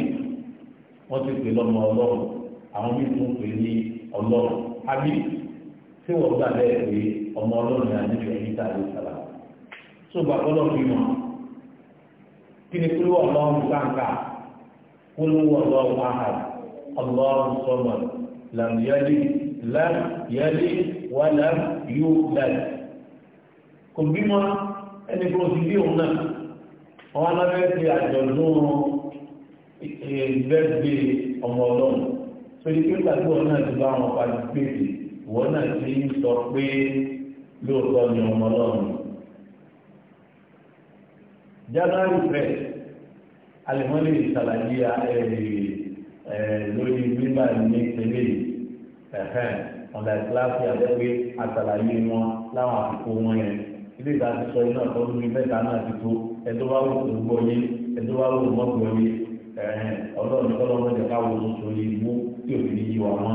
wọ́n ti pè lọ́mọ ọlọ́run àwọn mí tún pè ní ọlọ́run àbí tí wọ́n gbà bẹ́ẹ̀ pé ọmọ ọlọ́run ní ànábì yìí sáni sàlámù tó gbàgbọ́dọ̀ fi mọ̀ kí ni kúlú ọlọ́run sáǹkà kúlú ọlọ́run ahad ọlọ́run sọmọ lam yali lam yali wa lam yulad kò bímọ ẹni kò sì bí òun náà wọn alábẹ́ ti àjọ̀dún ìgbẹ́gbẹ́ ọmọ ọlọ́run torí pé gbàgbọ́ náà ti bá wọn pa gbèsè ìwọ náà ti ń sọ pé lóòótọ́ ni ọmọ ọlọ́run january first alẹ́mọ́lé ìsàlàyé eh, eh, lórí bíbá ní tẹ́lẹ̀ ọ̀dà ìsìláàfíà àtẹ́gbé àtàlàyé wọn láwọn àkókò wọn yẹn ilé ìta ti sọ iná tó ní mẹ́ta náà ti tó ẹ̀tọ́ bá wò ó gbọ́ yé ẹ̀tọ́ bá wò ó mọ́ gbọ́ yé ọlọ́run tọ́lọ́run jẹ́ ká wo oṣù yìí mú tí òfin yìí wà mọ́.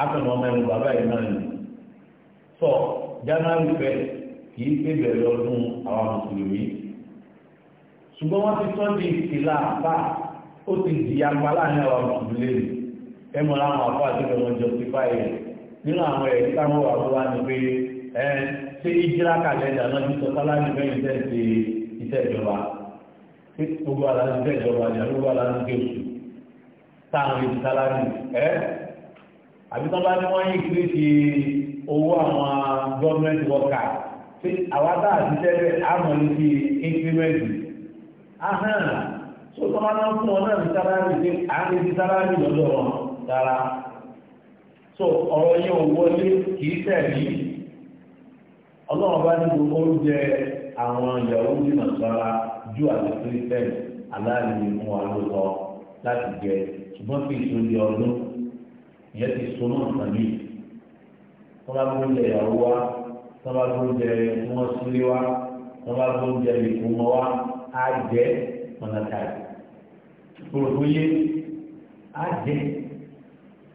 àfẹnumọ́ mẹ́rin bàbá yìí náà ni sọ january first kì í pé bẹ̀rẹ̀ ọdún àwọn mùsùlùmí ṣùgbọ́n wọ́n ti sọ́ di ìlà àpá ó ti di apá láàrin àwọn mùsùlùmí lẹ́nu ẹ mọ̀ láwọn àpá àti ọmọ jọ sí báyìí nínú àwọn ẹ̀rí táwọn wà ló wá ní pé ẹ ṣé ìjírá kàlẹ́dà náà ti sọ sáláàdì mẹ́rin tẹ̀ ṣe iṣẹ́ ìjọba gbogbo aláàdì tẹ̀ ìjọba ni àgbogbo aláàdì tẹ̀ oṣù táwọn èdè sáláàdì ẹ àbí tọ́ bá wọ́n yí kiri ti owó àwọn gọ́ọ̀mẹ́ntì wọ́kà pé àwa tá a ti tẹ́lẹ̀ àmọ́ níbi increment ahàn tó tọ́ máa ń fún ọ náà ní sáláàrì pé à ń retí sáláàrì lọ́dọ̀ wọn dára so ọ̀rọ̀ yẹn ò wọlé kì í tẹ̀lé ọlọ́run bá ní gbogbo oúnjẹ àwọn ìyàwó ní nàìjíríà ju àti kírísítẹ́nì aláàrin fún wa ló sọ láti jẹ ṣùgbọ́n fi ìsòdì ọdún ìyẹn ti so náà sàn wọ́n bá gbé ilẹ̀ ìyàwó wa tọ́ba tó ń jẹ fún wọn sílé wa tọ́ba tó ń jẹ ìfún wọn wa á jẹ ọ̀nà tàyè kúròkó yé á jẹ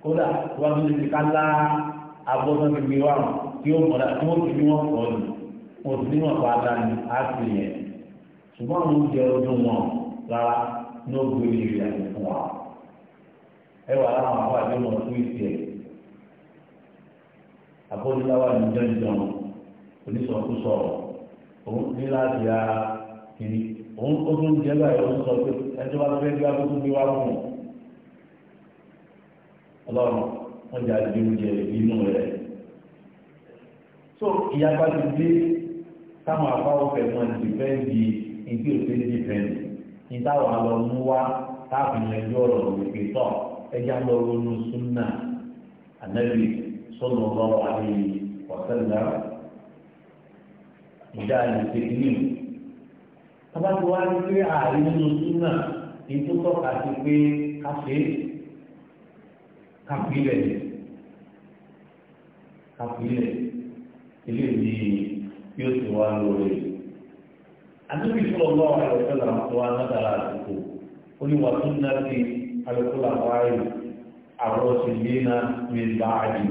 kódà tọ́ba tó ń jẹ ká lá abọ́sán gbígbé wa tí ó mọ̀lá tí wọ́n ti ní wọn pọ̀ ní wọn ti ní wọn pa ara ní á ṣùgbọ́n àwọn oúnjẹ ọdún wọn rárá ní ó gbé ìrìn àjò fún wa ẹ láwọn àwọn àjọ fún ìsì ẹ ní jọjọ náà onísọkúsọ òun ní láti ya kiri òun ó tún jẹ báyìí ó sọ pé ẹjọ́ bá fẹ́ bí akókó bí wá fún un ọlọ́run wọ́n jẹ́ àti oúnjẹ inú rẹ̀ so ìyapa ti dé táwọn afáwọ́ fẹ́ mọ́ dìfẹ́ǹdì ìdí òfin dìfẹ́ǹdì ní táwọn alọ́ mú wá táàbù yanjú ọ̀rọ̀ òwòkè tọ̀ ẹja lọ ronú súnà ànábì sọ́nà ọlọ́wọ́ àti ọ̀sẹ̀ náà ìdá ìlùsèkì nìyí. Bàbá ti wá ní pé ààrin nínú súnà ní tó tọ́ka sí pé ká ṣe é ká fi ilẹ̀ ká fi ilẹ̀ ilé ní yóò ti wá lórí. Àdúgbò ìṣòro lọ́wọ́ àyọ̀kọ́ làwọn tó wá náà àsìkò ó ní wà tún náà sí àyọ̀kọ́ làwọn àyè àwọn òṣèlú náà ní báyìí.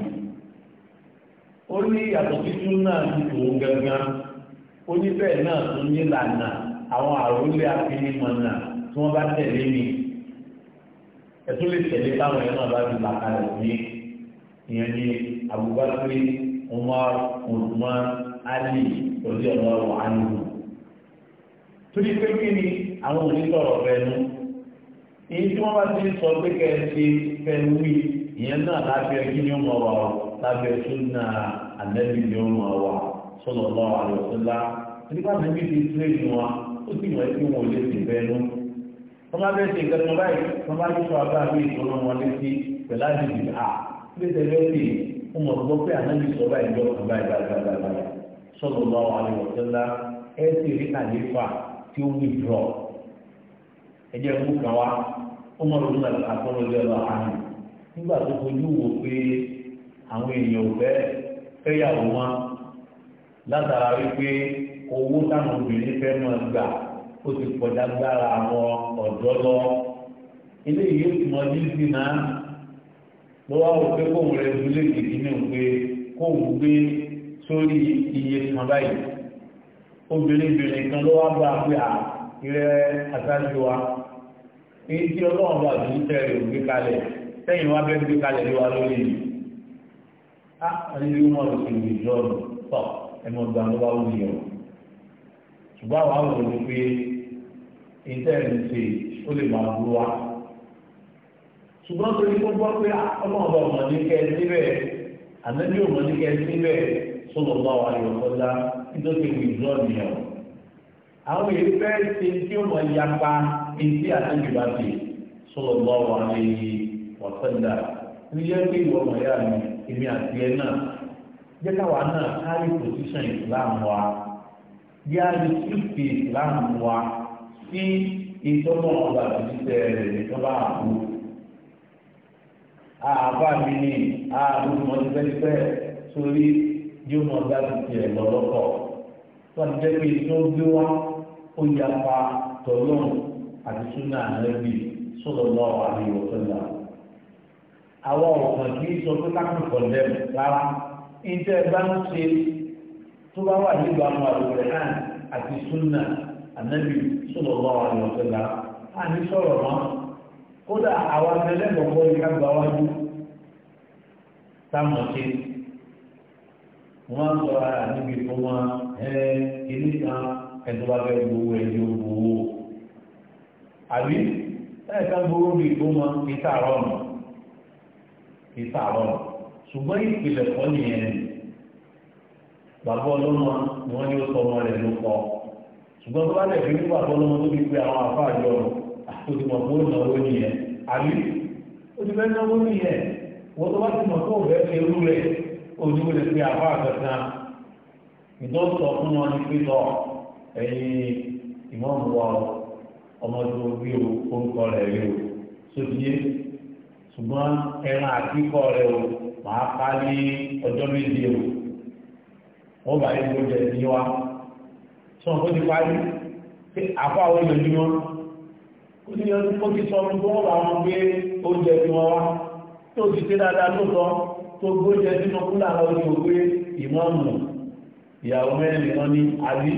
Ó ní yàtọ̀ títún náà ti tòun gángan oníbẹ̀ náà tún nílànà àwọn àròlé afinimọ̀nà tí wọ́n bá tẹ̀lé mi ẹ̀tún lè tẹ̀lé táwọn ẹ̀ náà bá ti là kalẹ̀ ní ìyẹn ní Abubakar Umar Usman Ali ojú ọ̀nà ọ̀rọ̀ ànúhù torí pé kí ni àwọn onítọ̀rọ̀ fẹ́nu èyí tí wọ́n bá ti sọ pé kẹ́ fẹ́nu wí ìyẹn náà lábẹ́ kí ni ó mọ̀ wà lábẹ́ sunna ànábì ni ó mọ̀ wà sọ̀nà ọ̀nà àlùfẹ́lá nígbà tí wọ́n ti tírèdì wọn ó sì wọ́n ti wọ́n lè sì bẹ́ẹ̀ nú. wọ́n bá bẹ́ẹ̀ ṣe ìkẹ́kọ̀ọ́ báyìí wọ́n bá yíṣọ abá mi ìtọ́nà wọn létí pẹ̀lá ìdìbì à bí tẹ̀lé sí wọ́n mọ̀ gbọ́ pé àná yìí sọ báyìí lọ kàn báyìí báyìí sọ̀nà ọ̀nà àlùfẹ́lá ẹ sì rí àlefa tí ó withdraw ẹ jẹ́ kó kàn wá ó mọ̀ lóun àtọ́lọ́jọ́ lọ àná nígbà tó fojú wò pé àwọn èèyàn ò fẹ́ fẹ́yàwó wọn látara wípé owó táwọn obìnrin fẹ́ máa gbà ó ti kọjá gbára àwọn ọ̀dọ́ lọ eléyìí ó ti mọ ní ìdínà lọ́wọ́ àwọn pé kóun rẹ̀ dúlé kìkì ní òpè kóun gbé sórí iye kan báyìí obìnrin obìnrin kan ló wá bá a pé à ìrẹ́ aṣáájú wa èyí tí ọlọ́run bá dùn tẹ̀ rẹ̀ gbé kalẹ̀ sẹ́yìn wá bẹ́ẹ̀ gbé kalẹ̀ lé wa lórí a ní bí wọ́n lò sí ìjọ́nù tọ̀ ẹ mọ gba ló bá wù yẹn o ṣùgbọ́n àwọn àwọn òní pé íńtẹ́ẹ̀tì ó lè máa bu wa ṣùgbọ́n torí kó gbọ́ pé ah, ọlọ́ọ̀bá ọmọ ní kẹ́ ẹ síbẹ̀ ànábì ọmọ ní kẹ́ ẹ síbẹ̀ sọlọ bá wa yọ sọlá nítorí wìdúrọ̀ nìyẹn o àwọn èyí fẹ́ ṣe tí ó mọ yapa etí ànábì bá ti sọlọ bá wa ní wàsánda ní yẹ́ pé ìwọ̀n mọ̀ yára mi èmi àti ẹ náà jẹ́ káwa náà kárí pòsíṣàn ìsìláàmù wa bí a lè fífi ìsìláàmù wa sí ìtọ́nà ọba àtúnṣe rẹ̀ nítorí àbú. àbá mi ni àbú mọ́tífẹ́tífẹ́ sórí yóò mọ dájú tiẹ̀ lọ́lọ́kọ̀ wọ́n jẹ́ pé tó ń gbé wá ó yapa tọ́lọ́n àti súnà ànábì sallallahu alaihi wasallam. àwọn ọ̀kan kì í sọ pé lákùnkàn lẹ́nu rárá. ìtẹ́ bá ń ṣe tó bá wà nílùú àwọn àlùfẹ́ náà àti súnà ànábì sọ̀rọ̀ bá wà ní ọ̀sẹ̀ la a ní sọ̀rọ̀ mọ́ kódà gba wájú táwọn ṣe wọ́n sọ ara níbi fún wọn ẹ kìíní kan gbowó gbowó àbí ẹ̀ka gbowó ṣùgbọ́n ìpìlẹ̀ kọ́ nìyẹn bàbá ọlọ́mọ ni wọ́n ní ó sọ ọmọ rẹ̀ ló kọ́ ṣùgbọ́n tó bá lẹ̀ fi nígbà tó lọ́mọ tó fi pe àwọn àfáàjọ àtòtìmọ̀ tó ń náwó nìyẹn àbí ó ti fẹ́ náwó nìyẹn wọ́n tó bá ti mọ̀ tó ò fẹ́ fi irú rẹ̀ ojú rẹ̀ pe àfáà kankan ìdọ́sọ̀ fún wọn ní pítọ̀ ẹ̀yin ìmọ̀ọ́mù wa ẹran àkíkọ rẹ̀ o màá ká ní ọjọ́ méje o wọ́n bá yẹ kó jẹ ní wa sọ wọn kó ti parí pé àfa àwọn ìlòjúmọ́ ó ti yọ ó ti sọ fún wọn bá wọn gbé oúnjẹ tí wọn wá tó ti ṣe dáadáa tó sọ tó gbóúnjẹ sínú kúlà lọ sí òwe ìmọ̀ọ̀mù ìyàwó mẹ́rin wọn ní àbí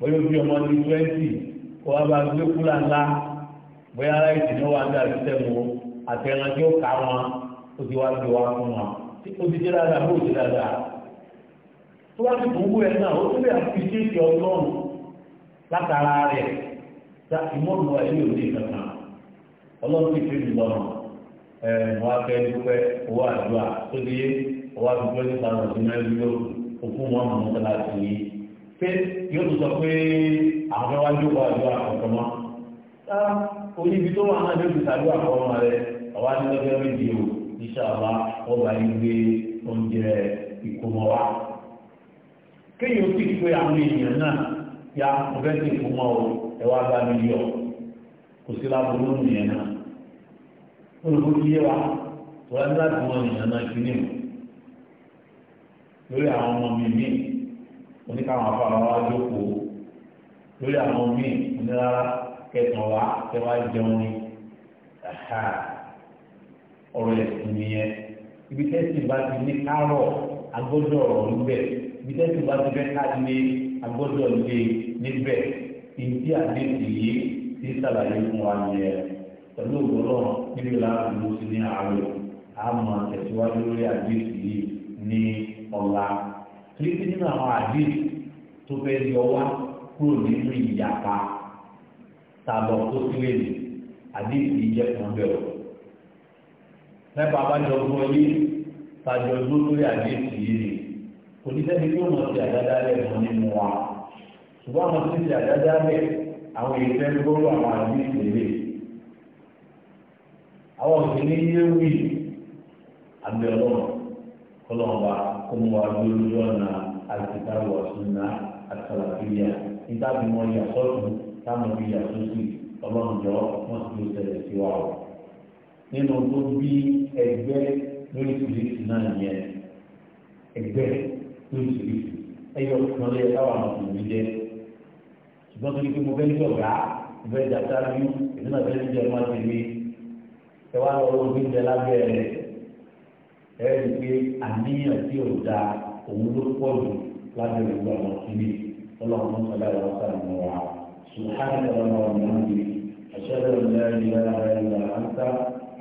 bóyá bí ọmọ ní twenty kó wá bá gbé kúlà ńlá bóyá aláìsí náà wà ní àbí sẹ́mu àtẹ̀rànjẹ́ wọn ó ti wá gbé wá fún wọn ó ti dé dáadáa bó ti dáadáa tó bá ti dùn wú ẹ náà ó tún lè fi ṣéèkì ọlọ́run látara rẹ̀ dá ìmọ̀nù ẹ̀yìn òde kankan ọlọ́run ti fi lọ́nà ẹ̀ wọ́n á fẹ́ dúpẹ́ owó àdúrà tó dé owó àdúgbò ní sàrọ̀ ọ̀dún mẹ́rin yóò òkú wọn mọ̀ mọ́tò láti yìí pé yóò tún sọ pé àwọn wá jókòó àdúrà ọ̀kan mọ́ oníbi tó wà náà yóò fi sàdúrà fọ́ ọmọ rẹ̀ ọ̀wá ní lọ́jọ́ méjì o ìṣàlá ọba ìgbé oúnjẹ ìkómọ wa kéèyàn ó sì pé àwọn èèyàn náà ya ọbẹ̀ sì kómọ o ẹ wá bá mi yọ kò sí láburú nìyẹn náà olùkóyè wa wọ́n á láti wọn nìyẹn náà kí ni lórí àwọn ọmọ mi mí oníkàwọn afárá wa jókòó lórí àwọn míì onírárá kẹtàn wa kẹwàá jẹun ni ọ̀rọ̀ ẹ̀sìn nìyẹn ibi tẹ́sí bá ti ní kárọ̀ agbọ́dọ̀ ọ̀rọ̀ níbẹ̀ ibi tẹ́sí bá ti fẹ́ ká lé agbọ́dọ̀ lé níbẹ̀ ìdí àdéhùn yìí ti sàlàyé fún wa yẹn pẹ̀lú ògbọ́dọ̀ níbi láti mú sí ní àárọ̀ àmọ́ tẹ̀síwájú lórí àdéhùn yìí ní ọ̀la torí pé nínú àwọn àdéhùn tó fẹ́ yọ wá kúrò nínú ìyapa tàbọ̀ tó kéré ní àdéhùn yìí jẹ́ kan bẹ́ẹ̀ o mẹ́fà abájọ gbọ́ yé tàjọ gbó lórí àdéhùn yìí ni oníṣẹ́ni yóò mọ̀ sí àdádálẹ̀ mọ́ nínú wa ṣùgbọ́n àwọn tí ń ṣe àdádálẹ̀ àwọn ìfẹ́ gbọ́rọ̀ àwọn àdéhùn lè àwọn òsì ní yé wí àbẹ̀ ọlọ́run kọlọ́ọ̀ba kó mú wa gbé lójú ọ̀nà àtìkáwọ̀ ọ̀sùn náà àtàlàfíà nígbà tí wọ́n yà sọ́ọ̀tún táwọn òbí yà sósì ọlọ́run jọ wọ́n ti fi ṣẹlẹ̀ sí wa o nínú tó bí ẹgbẹ́ lórí ìrísí náà yẹn ẹgbẹ́ lórí ìrísí ẹyọ kan lé káwọn àwọn ọmọ jẹ ṣùgbọ́n tó ní pé mo fẹ́ ní ọ̀gá mo fẹ́ dàtà rí èmi náà fẹ́ ní jẹ ọmọ tèmi ẹ wá lọ́wọ́ oúnjẹ lábẹ́ rẹ̀ ẹ rí i pé àníyàn tí ò da òun ló pọ̀ jù lábẹ́ gbogbo àwọn tèmi ọlọ́run sọlá ìwà sàlẹ̀ mọ́ wa sùhánà ìwà ọ̀nà ìwà ọ̀nà ìwà ọ̀nà ìwà ọ̀nà ìwà ọ̀nà